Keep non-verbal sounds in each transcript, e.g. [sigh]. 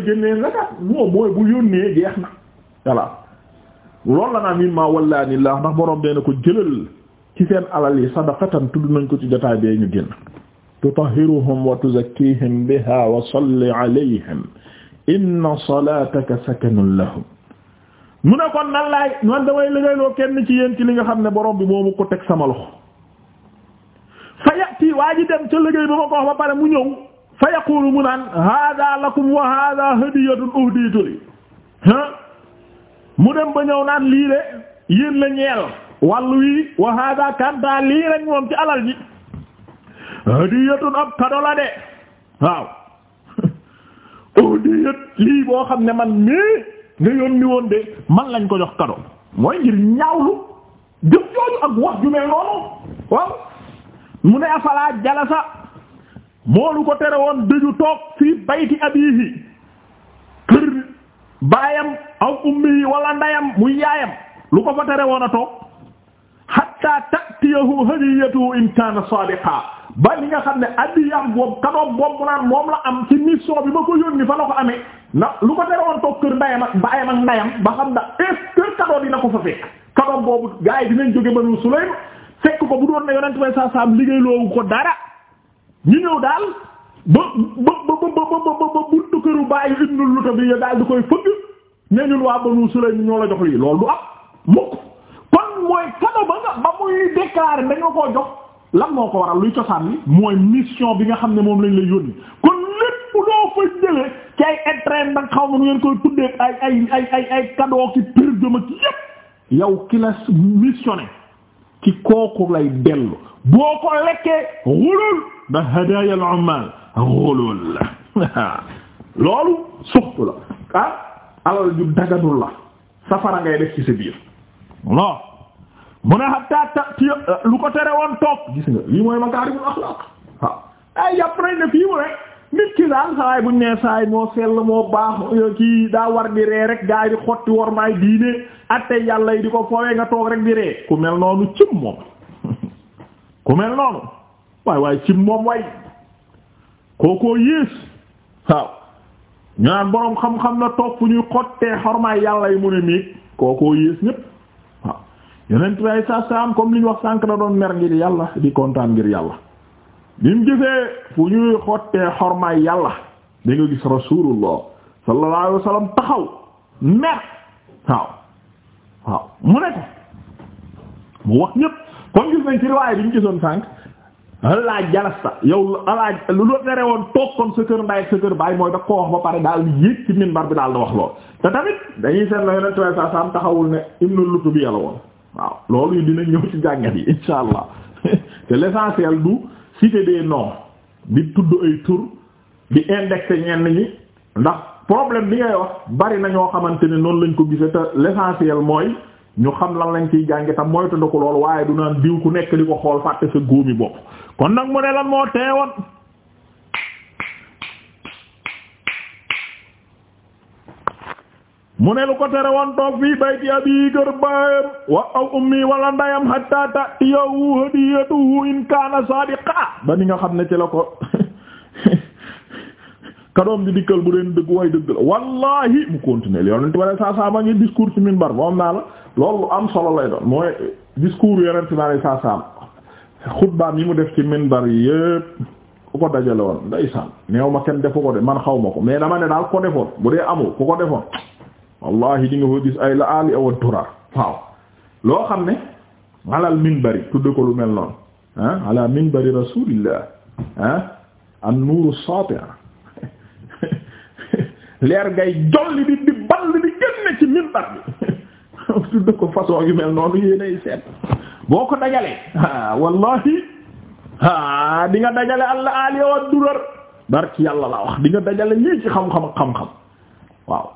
génnee zakat non mooy bu yónnee na voilà loolu la naa miin maa wallaani na ko jëlal ci seen alal yi sadaqatan tudd nañ ko ci jotaay bee ñu génn tutahhiruhum wa tuzakkihim biha wa salli alayhim inna salataka sakanun lahum mu ne kon nan laay man damay liggéeyloo kenn ci yéen ci li nga xam ne borom bi moomu ko teg sama loxo fa yati waa ji dem ca liggéey ba ma ko wax ba pare mu ñëw fa yaqulu mu naan hada lakum wa hada hadiyatun uhdiyatu li mu dem ba ñëw naan lii de yéen la ñeel wàllu wi wa hada kanta lii lañ moom ci alal ji hadiyatun ab kado la de waaw [laughs] uhdiyat lii boo xam ne man mii nga yónni woon de man lañ ko jox kado mooy ngir ñaawlu jëf jooju ak wax ju mel noonu mu ne afala jalasa moolu ko tere woon dëju toog fii bayti abiihi kër baayam aw ummihi wala ndayam muy yaayam lu ko fa tere woon a toog hatta ta'tiyahu hadiyatuhu in kaana saadiqa ba li nga xam ne addiyam boobu kadoom boobu naan moom la am ci mission bi ma ko yónni fa la ko amee na lu ko tere woon toog kër ndayam ak baayam ak ndayam ba xam na est kër kadoo dina ko fa fekk kadoom boobu gaa yi dinañ jóge Banu Sulaym fekk ko bu doon ne yonent way sa sam ko dara ñu ñëw daal ba ba ba ba ba buntu këru bàyyi ibnul luta bi daal di koy fëgg ne ñun waa banu sulaym ñoo la jox lii loolu du am mukk kon mooy kado ba nga ba muy déclarer dañoo koo jox lan moo ko waral luy cosaan li mooy mission bi nga xam ne moom lañ lay yónni kon lépp loo fa jëlee ci ay entrain danga xaw ma nu ngeen koy tuddee ay ay ay ay ay cadeau ki pérdema ci yépp yow ki la missionné ci kooku lay dellu boo ko lekkee wulul ndax hadaaya al [laughs] loolu suxtu la ah alal ju dagadul la safara ngay def ci sa biir non mu ne hatta tati lu ko tere woon toog gis nga lii mooy makaarimul axlaaq waaw ay yàpp nañ ne fii mu rek nit ki daal sawaay buñ nee saay moo sell moo baax kii daa war di ree rek gaa di xotti war diine atte yàlla yi di ko foowee nga toog rek di ree ku mel noonu cim moom [laughs] ku mel noonu waay waay ci moom way ko yées waaw ñu naan boroom xam-xam la toog fu ñuy xottee xormaay yàlla yi mu ne miig kookoo yées ñépp waaw yeneen way sa saam comme li wax sànk na doon mer ngir yàlla di kontaan ngir yàlla bi mu gisee fu ñuy xottee xormaay yàlla da nga gis rasulullah sallallahu alayhi taxaw mer waaw waaw mu ne ko mu wax ñépp kon gis nañ ci riwaaya bi gisoon sànk alaa jalasta yow alaa lu la tere woon toog kon sa kër ndaay sa kër baay mooy da ko wax ba pare daal yéeg ci minbar bi daal di wax lool te tamit dañuy seet la yonent way sa sam taxawul ne ibnu lutubi yàlla waaw loolu yi dina ñëw ci jàngat yi insha allah [laughs] te l'essentiel du citer des noms di tudd ay tur di indexer ñenn ñi ndax problème bi ngay wax bari na ñoo xamante ne noonu lañ ko gisee te l'essentiel mooy ñu xam lan lañ koy jànge tam moytu ko lool waaye du naan diw ku nekk di ko xool fàtte sa góomi bopp kon nag mu ne lan moo teewoon mu ne lu ko tere woon toog fii bayti abi kër baayam wa aw ummi wala ndayam hatta ta'tiyahu hadiyatuhu in kaana sadiqa ba ni nga xam ne ci la ko [laughs] kadoom di dikkal bu leen dëgg way dëgg la wallahi mu continuer yonent bi saa saa ma ngi discours ci minbar moom naa la loolu am solo lay doon mooy discours yonent bi saa saa xutbaam yi mu def ci minbar yépp ku ko dajale woon ndeysaan neew ma kenn defu ko de man xaw ma ko mais dama ne daal ko defoon bu dee amul ku ko defoon wallahi di nga ko gis ay la ali awa durar waaw loo xam ne alal minbari tudd ko lu mel noonu ah ala minbari rasulillah ah an nuuru [laughs] leer ngay jolli di di ball di génne ci minbar bi [laughs] tudd ko façon yu mel noonu yéenay seet boo ko dajalee ah, wallahi ah di nga dajale allah aliya wa durar barki yàlla la wax di nga dajale lii ci xam-xam ak xam-xam waaw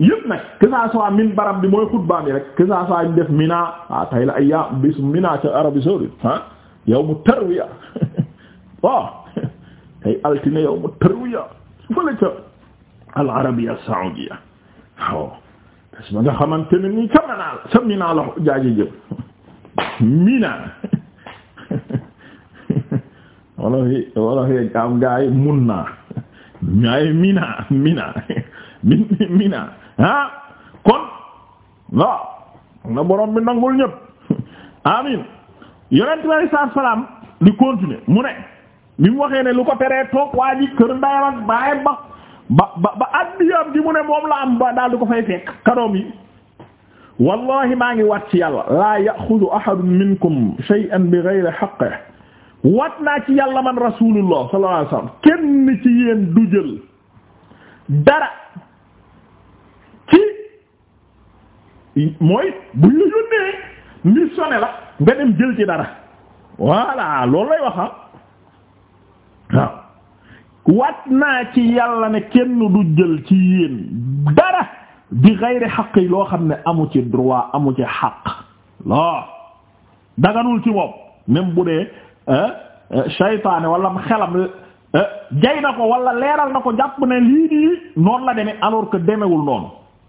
yëpp nag que ça soit min barab bi mooy xutbaa bi rek que ça def mina ah tay la ay yaa bis mina ca Arabie saoudite ah yow mu tarwiya waaw [laughs] oh, [laughs] tay altine yow mu tarwiya fële ca al arabia saoudia waaw xamante ne nii ca Mina [laughs] miinaan wala fi am gaa yi mun naa ñaay mina mina mina ah kon waaw na borom bi nangul ñëpp amin yonent bi alei salaam di continuer mu ne bi mu waxee ne lu ko teree toog waa ji kër ndayam ak baayam ba ba ba addiyaam gi mu ne moom la am ba daal di ko fay fekk kadoom yi wallahi maa ngi wat ci yàlla laa yaxudu ahadun minkum shay'an bi ghayri haqqihi wat naa ci yàlla man rasulullah sallallahu alayhi wasallam du jël dara mooy bu ñu yónnee missionné la nga dem jël ci dara voilà loolu lay waxa ah. waaw wat naa ci yàlla ne kenn du jël ci yéen dara bi xayri xaq loo xam ne amu ci droit amu ci xaq loo daganul ci moom même bu dee eh, eh, saytaane wala mu xelam eh, jay na ko wala leeral na ko jàpp ne lii nii noonu la demee alors que demewul noonu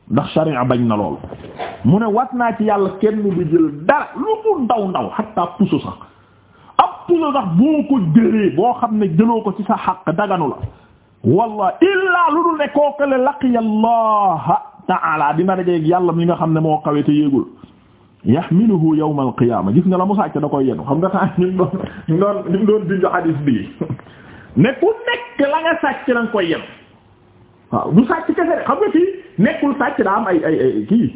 ndax sharia bañ na loolu mu ne wat naa ci yàlla kenn du jël dara lu mu ndaw ndaw xatta puso sax ab puso sax boo ko boo xam ne jëloo ko ci sa xaq daganu wallah illaa lu dul ne kookale laqiya allah ta'ala dina dajeeg yàlla mi nga xam ne moo kawe te yéegul yahmiluhu yawmal qiyaama gis nga la mu sàcc da koy yenu xam nga saa ñu doon ñu doon ñu doon diñu hadis bi ne ku nekk la nga sàcc da koy yenu waaw du sàcc kese rek xam nga fii nekkul sàcc daa am ay ay ay kii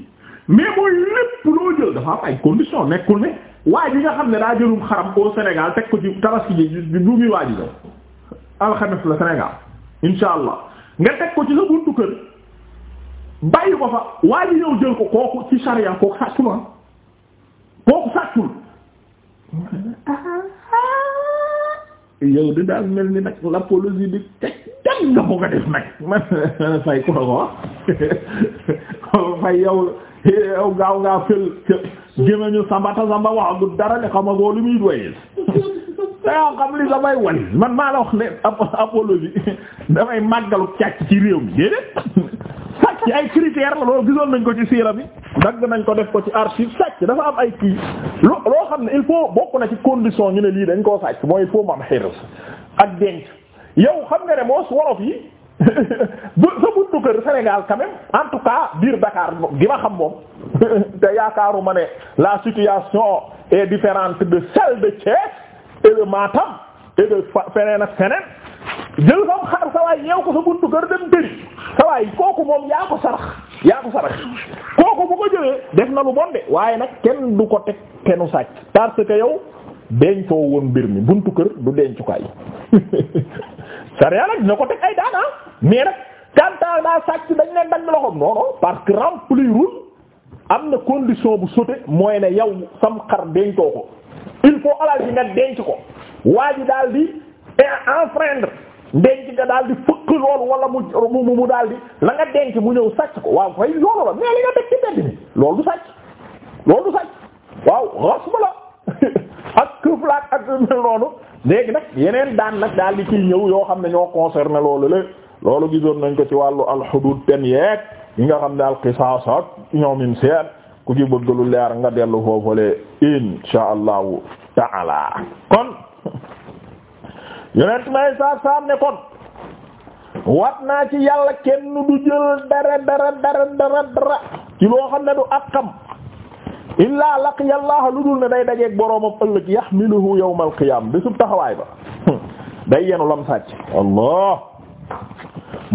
mais mooy lépp loo jël dafa am ay condition nekkul ne waaye bi nga xam ne daa jëlum xaram au Sénégal teg ko ci tabaski ji du muy waaji daw alxames la Sénégal insha allah nga teg ko ci sa bàyyi ko fa waa ji ñëw jël ko kooku ci sariya kooku sàccul ah kooku sàccul yow di daal mel ni nag l'apologie di teg teg nga ko def nag [laughs] fay ku la ko wax [laughs] fay yow yow gaaw ngaa fël gémmañu sambata samba wax du dara li xamagoo li muy doyees [laughs] danga xam li samay walis man maa la wax ne apologie damay màggalu càcc ci réew mi déedéet ci ay critères la loolu gisoon nañ ko ci siira bi dagg nañ ko def ko ci archive sàcc dafa am ay kii loo loo xam ne il faut bokk na ci condition ñu ne lii dañ koo sàcc mooy il faut mu am ak denc yow xam nga ne moos wolof yi [laughs] bu sa buntu kër Sénégal quand en tout cas biir Dakar gi xam moom [laughs] te yaakaaru ma ne la situation est différente de celle de Thiès et de Matam et de feneen ak feneen jël sam xaar sa waay yeew ko sa buntu kër dem bëri sa kooku moom yaa ko sarax yaa ko sarax kooku bu ko jëlee def na lu bon de waaye nag kenn du ko teg kennu sàcc parce que yow dencoo woon mbir mi buntu kër du dencukaay [laughs] sariya nag dina ko teg ay daana ah. mais nag kantaa daa sàcc dañ leen dañ loxoom non parce que remplirul am na condition bu sauté mooy ne yow sam xar dencoo ko il faut alal ji nga denc ko waa ji daal di enfreindre denc nga daal di fëkk loolu wala mu mu mu daal la nga denc mu ñëw sàcc ko waaw fay loolu la mais li nga teg ci denc ni loolu du sàcc loolu du sàcc waaw rasma la [laughs] ak këflaat ak mel léegi nag yeneen daan nag daal di ciy ñëw yoo xam ne ñoo concerné loolu la loolu gisoon nañ ko ci wàllu alxudud ten yeeg yi nga xam ne alqisaas ak ñoomin seen ku ci bëgg lu leer nga dellu foofule insha allahu taala kon yonent may saa saam ne kon wat naa ci yàlla kenn du jël dara dara dara dara dara ci loo xam du akkam illaa laqiya Allah lu dul ne day dajeeg boroomam ëllëg yahmiluhu yawmal qiyaam bésub taxawaay ba [laughs] day yenu lam sàcc Allah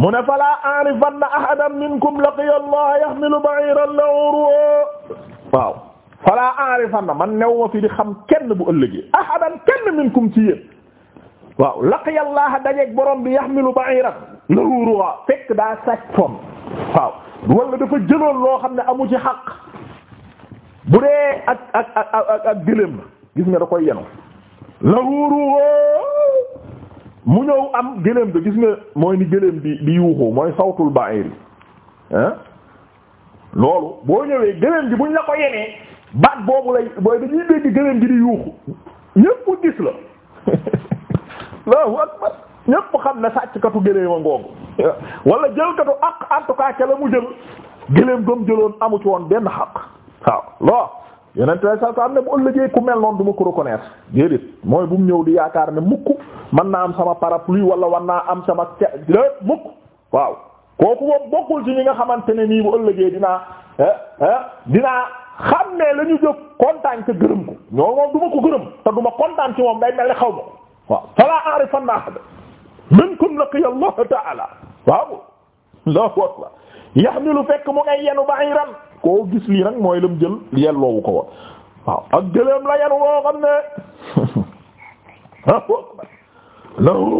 mu ne falaa arifanna ahadan minkum laqiya Allah yahmilu ba'iran lahu waaw falaa arifanna man new ma fi di xam kenn bu ëllëgee ahadan kenn minkum ci waaw laqiyallaaha dajeeg borom bi yaxmilu ba'iran lahu ruwa fekk daa sàcc foom waaw wala dafa jëloon loo xam ne amu ci xaq bu dee ak ak ak ak ak gëléem gis nga da koy yenu lahu ruwa mu ñëw am gëléem bi gis nga mooy ni gëléem bi di yuuxu mooy sawtul ba'ir ah loolu boo ñëwee gëléem bi buñ la ko yenee baat boobu lay booy dañuy dégg gëléem bi di yuuxu ñépp gis la [laughs] Allahu akbar ñépp xam ne sàcckatu gëléem a ngoogu wala jëlkatu ak en tout cas ca la mu jël gëléem gëm jëloon amu ci woon benn xaq waaw lo yeneen te sa am ne bu ëllëgee ku mel noonu du ma ko reconnaître déedéet mooy bu mu ñëw di yaakaar ne mukk man naa am sama parapluie wala war naa am sama ca mukk waaw kooku moom bokkul ci ñi nga xamante ne nii bu ëllëgee dinaa eh, eh, dinaa xam ne la ñu jëf kontaan te gërëm ko ñoo moom du ma ko gërëm te du ma kontaan ci moom xaw ma waaw fala arifanna ahad minkum laqiya Allah ta'ala waaw Allahu akbar yahmilu fekk mu ngay yenu ba'iran koo gis lii nag mooy lam jël yelloowu ko woon waaw ak jëleem la yenu woo xam ne [laughs] Allahu akbar lahu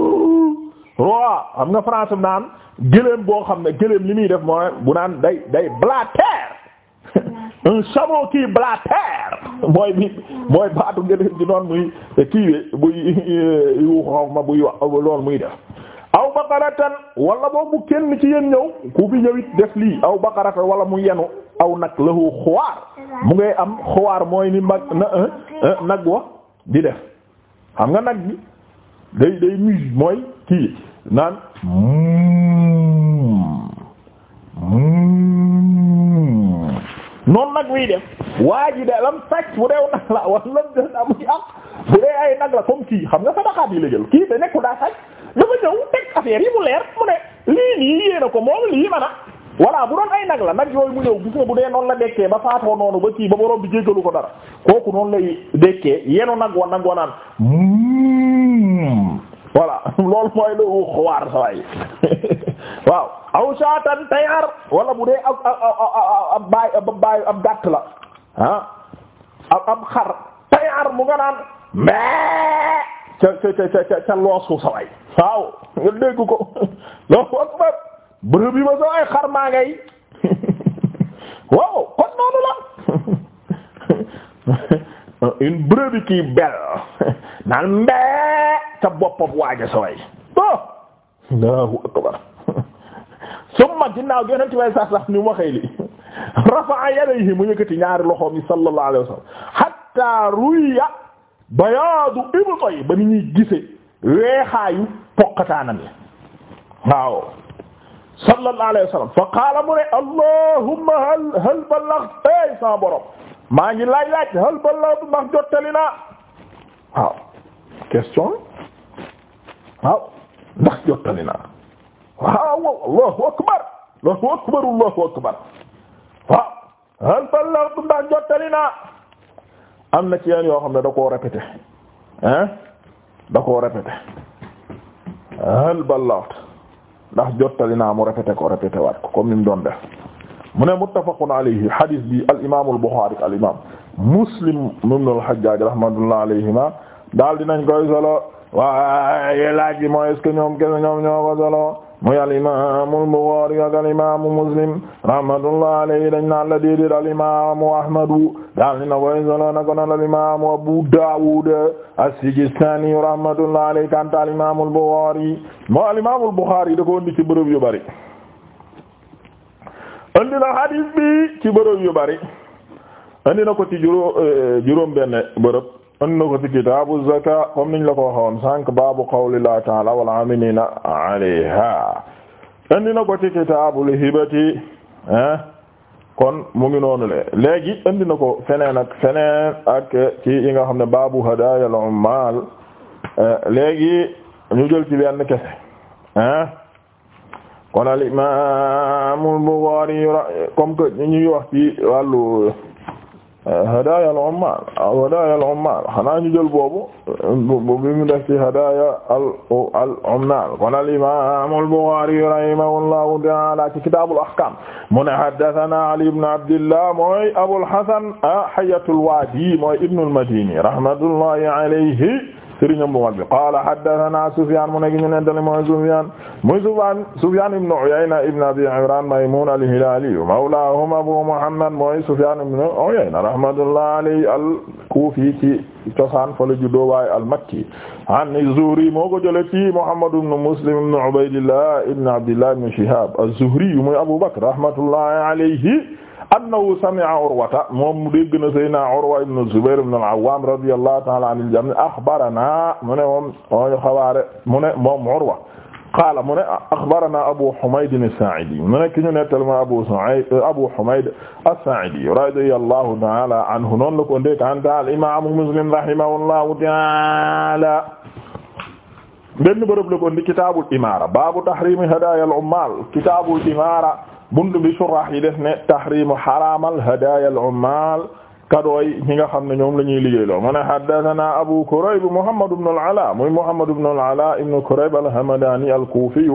xam nga France naan gëléem boo xam ne gëléem li muy def moo bu naan day day blater [laughs] un kii qui blatère mooy bi mooy baatu gëléem ci noonu muy kiiwee buy euh, xaw ma buy wax loolu muy def aw baqaratan wala boobu kenn ci yéen ñëw ku fi ñëwit def lii aw baqaratan wala mu yenu aw nag lahu xuwaar mu ngay am xuwaar mooy ni mag euh, euh, nag wa di def xam nga nag bi day day mus mooy kii naan mm, mm. noonu nag muy def waa ji de lam sàcc bu deew nag la wala lam bu dee ay nag la comme kii xam nga sadaqaat yi la jël kii da nekku daa sàcc dafa ñëw teg affaire yi mu leer mu ne lii nii yéena ko moom lii man a bu doon ay nag la nag yooyu mu ñëw gis bu dee noonu la dekkee ba faatoo noonu ba kii ba borom bi jéggalu ko dara kooku noonu lay dekkee yenu nag wa nag wa naan hmm voilà [laughs] loolu mooy lu xuwaar saway waaw aw shaatan tayar wala bu dee ab ab baay ab baay ab gàtt la ah ab ab xar tayar mu nga naan mais ca ca ca ca ca loosu sa waay waaw nga dégg ko loolu [laughs] akbar bërëb yi ma sa ay xar maa ngay [laughs] waaw kon noonu la [laughs] une brebis qui belle naan mbee ca boppam waaja sa waay oh Allahu akbar summa ginnaaw gi yonent way saa sax ni mu waxee li [laughs] rafa'a yadayhi mu yëkkati ñaari loxoom yi sallallahu alayhi wa sallam hatta ruya bayaadu ibtay ba ni ñuy gise weexaayu poqataanam yi waaw sallallahu alayhi wa sallam fa qaala mu ne allahumma hal hal ballaghta ay sa borom maa ngi laaj laaj hal ballaghta ndax jottali naa waaw question waaw ndax jottali naa waaw allahu akbar allahu akbar allahu hal ballagtu ndax jottali am na ci yenn yoo xam ne da koo répété hein da koo répété hal ballagtu ndax jottali naa mu répété ko répété waat ko comme mu doon def mu ne muttafaqun alayhi hadith bi al imaam al al imaam muslim ibn al hajjaaj rahmatullah alayhima daal dinañ koy solo waaye laaj mooy est-ce ñoom kenn ñoom ñoo ko solo muy al imaamu al-Buxaari imaamu Muslim rahmatullahi alayhi dañ naan la déedéet al imaamu Ahmadu daal ni na koy solo na ko noon al imaamu Abu Daawud as-Sijistaani rahmatullahi kanta al imaamu al-Buxaari al imaamu al da ko indi ci bërëb yu bari indi na hadith bi ci bërëb yu bari indi na ko ci juróom eh, juróom benn bërëb an na ko ci kitaabu zaka comme niñ la ko waxoon sànq baabu qawli la taala wal amilina alayha andi na ko ci kitaabul hibati ah kon mu ngi noonu le léegi andi ko feneen ak feneen ak ci yi nga xam ne baabu hadayal ummal léegi ñu jël ci benn kese ah kon al imaamul Buxaari comme que ñu ñuy wax ci wàllu hadaya al ummal hadaya al ummal xanaa ñu jël boobu bi mu def ci hadaya al ummal kon al imam al Bukhari rahimahullahu ta'ala ci kitab al ahkam mu ne haddathana Ali ibn Abdillah mooy Abul Hasan ah, Hayatul Wadi mooy ibn al Madini rahmatullahi alayhi sëriñam bu mag bi qaala haddathana Sufyan mu nekk ñu ne dale mooy Sufyan muy Sufyan Sufyan ibn Uyayna ibn Abi Imran Maymun al-Hilali mawlahum Abu Muhammad mooy Sufyan ibn Uyayna rahmatullahi alayhi al-Kufi ci cosaan fa la juddoo waaye al-Makki an az-Zuhri moo ko jëlee ci Muhammad ibn Muslim ibn Ubaydillah ibn Abdillah ibn Shihab az-Zuhri muy Abu Bakr rahmatullahi alayhi annahu sami'a Urwata moom mu dégg na Seydina Urwa ibn Zubayr ibn al-Awwam radiyallahu ta'ala anil jami' akhbarana mu ne moom mooy xabaare mu ne moom Urwa qaala mu ne akhbarana Abu Humayd as-Sa'idi mu ne ki ñu nettal ma Abu Sa'id Abu Humayd as-Sa'idi radiyallahu ta'ala anhu noonu la ko ndee kanta al-imam Muslim rahimahullahu ta'ala benn bërëb la ko ndi kitaabul imaara baabu tahriimi hadaayal ummaal kitaabul imaara buntu bi surah yi def ne tahrimu xaraamal hadaya al ummal kadooy ñi nga xam ne ñoom la ñuy liggéey loo mu ne haddathana abu kurayb muhammad ibn al ala muy muhammad ibn al ala ibn kurayb al hamadani al kufi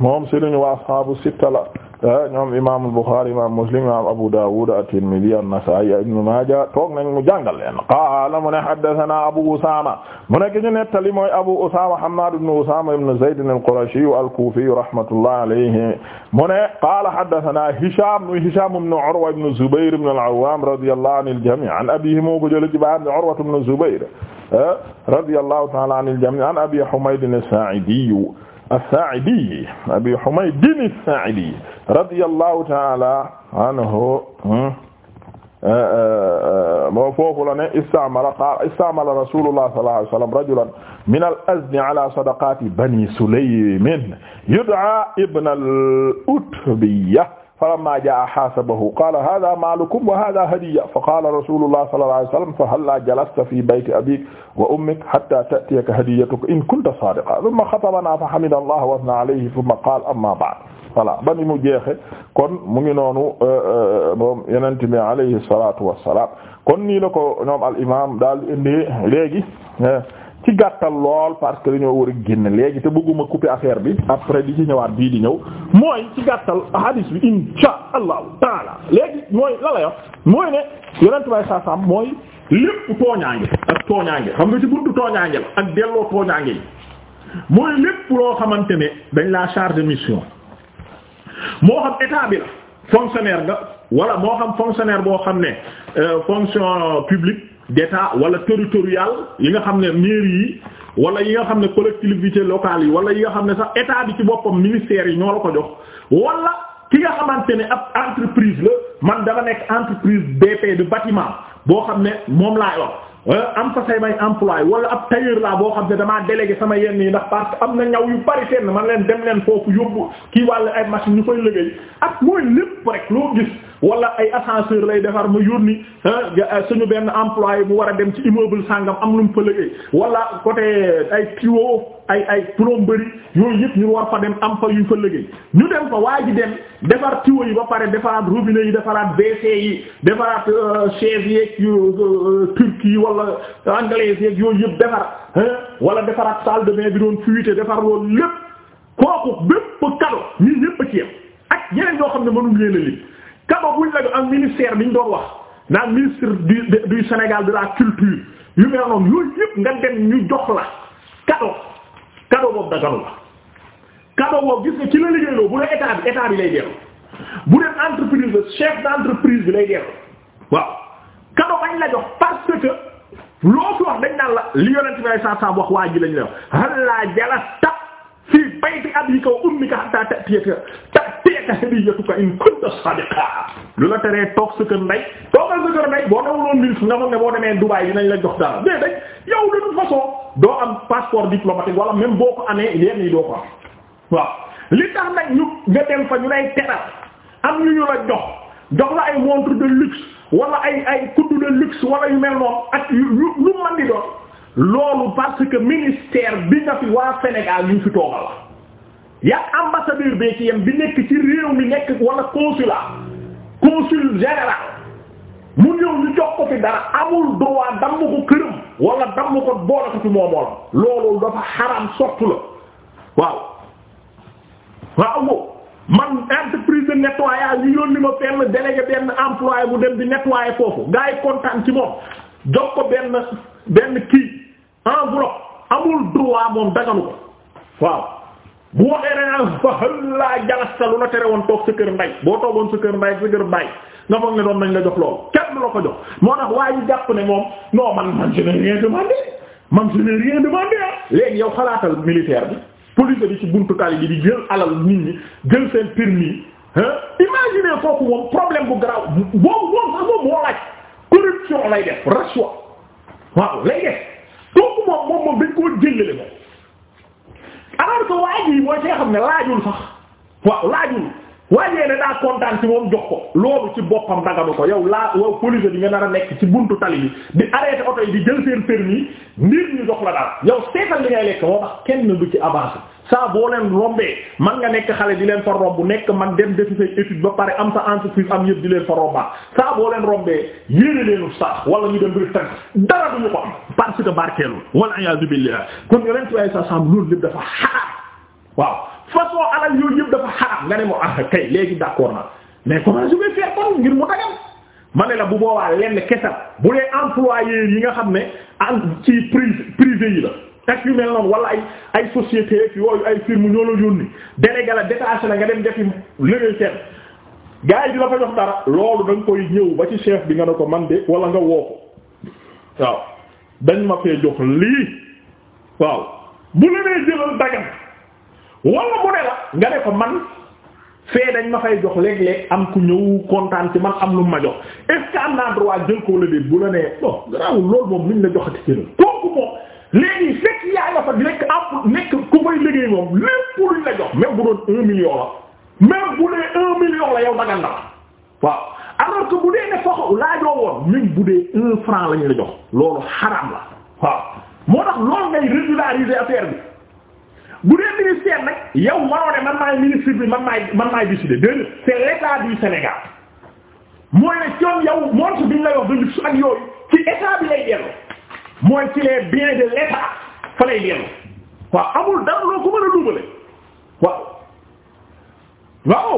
moom sëriñ wa ashaabu sitta la Eh, ñoom imaamul Buxaari imaam Muslim imaam Abu Daawud at-Tirmidhi an-Nasaa'i ibnu Maaja toog nañ mu jàngal leen qaala mu ne haddasanaa Abu Usaama mu ne ki ñu nettali mooy Abu Usaama Hammaad ibnu Usaama ibnu Zayd al-Qurashi al-Kufi rahmatullahi alayhi mu ne qaala haddasanaa Hishaam ibnu Hishaam ibnu Urwa ibnu Zubayr ibnu al-Awwaam radiyallahu anil jamii' an abiihi moo ko jëlee ci baayam Urwa ibnu Zubayr eh, radiyallahu ta'aala anil jamii' an Abii Humayd as-Saa'idi as-Sa'idi Abi Humayd as-Sa'idi radiyallahu ta'ala anhu hmm, eh, eh, moo foofu la ne istamala qaala istamala rasulullah sallallahu alayhi wa sallam rajulan min al-Azdi ala sadaqati bani Sulaym yud'a ibn al-Utbiyya falamma jaa hasabahu qala hadha malukum wa hadha hadiya fa qala rasulullah sallallahu alayhi wasallam fa halla jalasta fi bayti abik wa ummik hatta ta'tiyaka hadiyatuka in kunta sadiqan thumma khatabana fa hamida allah wa athna alayhi thumma qala amma ba'd voilà ba ni mu jeexe kon mu ngi noonu euh, euh, moom yonent bi alayhi salatu wassalam kon nii la ko ñoom al imam daal indi léegi euh, ci gàttal lool parce que dañoo war a génn léegi te bëgguma couper affaire bi après di ci ñëwaat bii di ñëw mooy ci gàttal hadis bi insha allahu taala léegi mooy la la yox mooy ne yonent bay saasam mooy lépp tooñaange ak tooñaange xam nga ci buntu tooñaange la ak delloo tooñaange yi mooy lépp loo xamante ne dañ laa charge mission moo xam état bi la fonctionnaire nga wala moo xam fonctionnaire boo xam ne euh, fonction publique d'état wala territorial yi nga xam ne mairie yi wala yi nga xam ne collectivité locale yi wala yi nga xam ne sax état bi ci boppam ministère yi ñoo la ko jox wala ki nga xamante ne ab entreprise la man dama nekk entreprise BP de bâtiment boo xam ne moom laay yor euh, am fa say may emploi wala ab tailleur laa boo xam ne damaa délégué sama yenn yi ndax parce que am na ñaw yu bari seen man leen dem leen foofu yóbbu kii wàll ay machine ñu koy liggéey ak mooy wala ay ascenseur lay defar ma yónni eh, suñu benn employé mu war a dem ci immeuble sàngam am lu mu fa liggéey wala côté eh, ay tuyau ay ay plomberie yooyu yëpp ñu war fa dem am fa yu fa liggéey ñu dem fa waa ji dem defar tuyau yi ba pare defaraat robinet yi defaraat WC yi defaraat euh, chaise yeeg euh, euh, turc yi wala anglais yeeg yooyu yëpp defar wala defaraat salle de bain bi doon fuité defar loolu lépp kooku bépp kado ñi ñëpp a ak yeneen yoo xam ne mënuñ leen a kaba buñ la ñu am ministère bi doon wax naan ministre du du Sénégal de la culture yu mel noonu yooyu yëpp nga dem ñu jox la kado kado boobu daganu la kado boobu gis nga ci la liggéeyloo bu dee état bi état bi lay dellu bu dee entreprise la chef d'entreprise bi lay dellu waaw kado bañ la jox parce que loo fi wax dañ naan la li yonent bi sallallahu wax waa ji lañ la wax hal la jalasta fii bayti abika wa ummika hatta ta'tiyaka ta'tiyaka hadiyatuka in kunta sadiqa lu la teree toog sa kër ndey toogal sa kër ndey boo newuloon nga foog ne boo demee yi nañ la jox dara mais nag yow de toute façon doo am passeport diplomatique wala même boo ko amee yenn yi doo ko am waaw li tax nag ñu nga dem fa ñu lay teral am ñu ñu la jox jox la ay montre de luxe wala ay ay kuddu de luxe wala yu mel noonu ak yu yu lu mën di doon. loolu parce que ministère bi nga fi waa Sénégal ñu fi toogal la yaa ambassadeur bee ci bi nekk ci réew mi nekk wala consulat consul général mu ñëw ñu jox ko fi dara amul droit damm ko këram wala damm ko boole ko ci moomool loolu dafa xaram sottu la waaw waaw man entreprise de nettoyage yi yónni ma fenn délégué benn employé bu dem di nettoyer foofu gars yi kontaan ci moom jox ko benn benn kii enveloppe amul droit moom daganu ko waaw bu waxee ne naan fa laa jalasta lu tere woon toog sa kër nday boo toogoon sa kër nday sa kër bay nga foog ne doon nañ la jox loolu kenn du la ko jox moo tax waaye ñu jàpp ne moom non man man je n'ai rien man je n'ai rien demandé ah. léegi yow xalaatal militaire bi police bi ci buntu kàll yi di jël alal nit ñi jël seen permis ah imaginez kooku moom problème bu garaaw boobu moom sax moom moo laaj corruption lay def rasuwa kooku moom moom moom dañ koo jëllale moom alors que waaj yi mooy ci xam ne laajul sax waaw laajul waajee ne daa kontaan ci moom jox ko loolu ci boppam daganu ko yow laa yow police bi nga nar a nekk ci buntu tali bi di arrêté oto yi di jël seen permis nit ñu jox la daal yow seetal li ngay lekk moo tax kenn du ci avancé saa boo leen rombee man nga nekk xale di leen fa romb nekk man dem defi étude ba pare am sa entreprise am yëpp di leen fa rombaat saa boo leen rombee yéene leenu sax wala ñu dem retraite dara duñu ko am parce que barkeelu wal a'yadu billah kon yonent bi sa sam loolu lépp dafa xaraam waaw façon alal yooyu yëpp dafa xaraam nga ne moo ah kay léegi d'accord na mais comment je vais faire kon ngir mu dagal ma ne la bu boobaa lenn kesal bu dee employé yi nga xam ne en ci privé privé yi la ak yu mel noonu wala ay ay société yooyu ay firme ñoo la yónni délégué la détaché la nga dem defi liggéey seen gars yi dina fa jox dara loolu da nga koy ñëw ba ci chef bi nga ne ko man de wala nga woo waaw dañ ma fee jox lii waaw bu la nee jëlal dagam wala bu ne la nga ne ko man fee dañ ma fay jox léeg-léeg am ku ñëw kontaan ci man am lu ma jox est-ce que am naa droit jël ko wala déet bu la nee bon garaawul loolu moom luñ la jox ci la kooku moom léegi nga fa nekk ab nekk ku fay liggéey moom lépp luñ un million la même bu dee un million la yow dagan na waaw alors que bu dee ne foog laajoo woon même bu dee un franc lañ la jox loolu xaram la waaw moo tax loolu ngay régulariser affaire bi bu dee ministère nag yow waroo ne man maay ministre man maay man maay décider déedéet c'est l'état du Sénégal mooy ne coon yow morse biñ la yox de luxe ak yooyu ci état bi lay dellu mooy ci les biens de l'état fa lay dellu waaw amul dara loo ko mën a duubale waaw waaw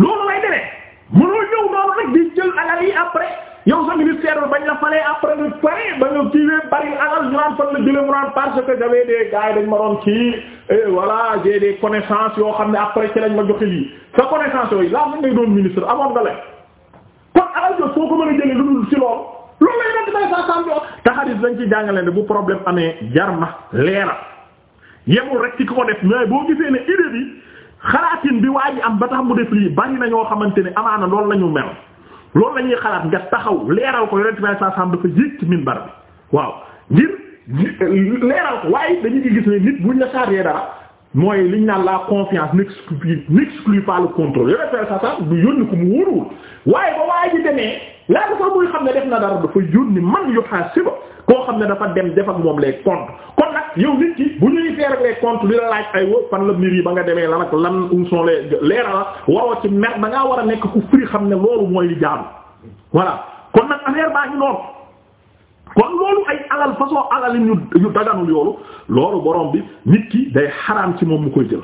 loolu lay demee mënoo ñëw noonu rek di jël alal yi après yow sa ministère bi bañ la falee après nga pare ba nga kiiwee bari alal ñu naan fan la jëlee mu naan parce que j'avais des gars yi dañ ma doon kii voilà j'ai des connaissances yoo xam ne après ci lañ ma joxe lii sa connaissance yooyu laa nga ngay doon ministre amoon nga la kon alal jot foo ko mën a jëlee lu dul ci loolu. loolu lay rek day saa saa ndox te dañ ci jàngale ne bu problème amee jar na leeral yemul rek ci ko def mais boo gisee ne idée bi xalaatin bi waa ji am ba tax mu def lii bari na ñoo xamante ne amaana loolu la ñu mel loolu la ñuy xalaat nga taxaw leeral ko yonent bi saa saa dafa yéeg ci minbar bi waaw ngir leeral ko waaye dañu gis ne nit buñ la saaree dara. mooy liñ naan la confiance n'exclut n'exclut pas le contrôle yooyu affaire sa sax du yónni ko mu wóorul waaye ba waaye ji demee laata sax muy xam ne def na dara dafa yónni man yuhasiba koo xam ne dafa dem def moom les comptes kon nag yow nit bu ñuy faire ak les li la laaj ay wo fan la mbir yi ba nga demee lan ak lan où sont les leerala waroo ci mer da ngaa war a nekk ku firi xam ne loolu mooy li jaadu voilà kon nag affaire baa kon loolu ay alal façon alal yu ñu daganul yoolu loolu boroom bi nit ki day xaraam ci moom mu koy jël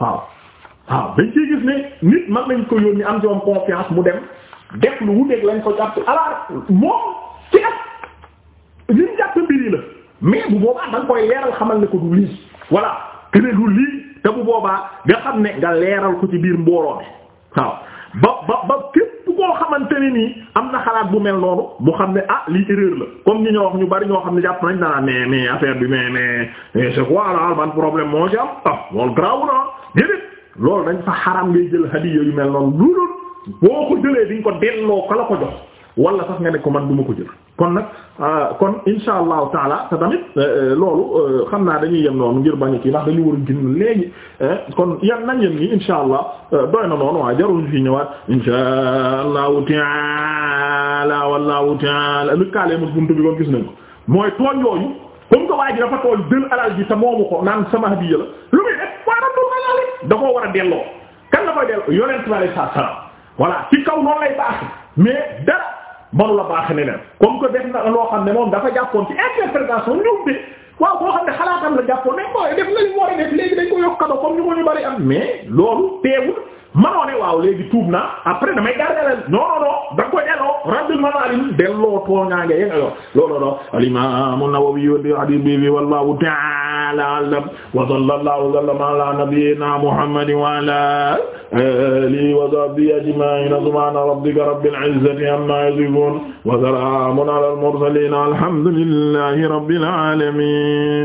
waaw waaw dañ ciy gis ne nit man nañ ko yónni am joom confiance mu dem def lu wuteeg lañ ko jàpp alaar moom ci at liñ jàpp mbiri la mais bu boobaa da koy leeral xamal ne ko du lii voilà que ne lii te bu boobaa nga xam ne nga leeral ko ci biir mbooloo waaw ba ba ba képp koo xamante ni nii am na xalaat bu mel noonu mu xam ne ah lii erreur la comme ñu ñoo wax ñu bari ñoo xam ne jàpp nañ naa ah, mais mais affaire bi mais mais c'est quoi là ban problème moo ci am ah loolu garaawu na déedéet loolu dañ fa xaram ngay jël hadiya yu mel noonu loolu boo ko jëlee diñ ko delloo ka la ko jox wala sax nga ne ko man du ma ko jël kon nag euh, kon insha allahu taala te tamit euh, euh, loolu xam naa dañuy yem noonu ngir bañ a kii ndax dañu war a gën léegi kon yan nañ yem nii insha allah doy na noonu waaye jarul ñu fi ñëwaat insha allahu taala wallahu taala lu kaalee mos bi kon gis nañ ko mooy tooñ yooyu comme que waa ji dafa tooñ jël alal ji te moomu ko naan sama hadiya la lu muy def waaratul alal da koo war a delloo kan la koy delloo yonent manu la baax neneen comme que def na loo xam ne moom dafa jàppoon ci interprétation ñoom bi waaw boo xam ne xalaatam la jàppoon ne def na li mu war a def léegi dañ ko yokk kado comme ñu ko bari am mais loolu teewul manoo ne waaw léegi tuub naa après damay garder non non non da nga ko delloo rabbil mazalim delloo tooñaa nga yénga yo looloo do al imam an-Nawawi wadi hadith bi wallahu ta'ala a'lam wa sallallahu sallama ala nabiyyina muhammadin wa ala alihi wa sahbihi ajma'in subhana rabbika rabbil izzati amma yasifun wa salamun ala al-mursalin alhamdulillahi rabbil alamin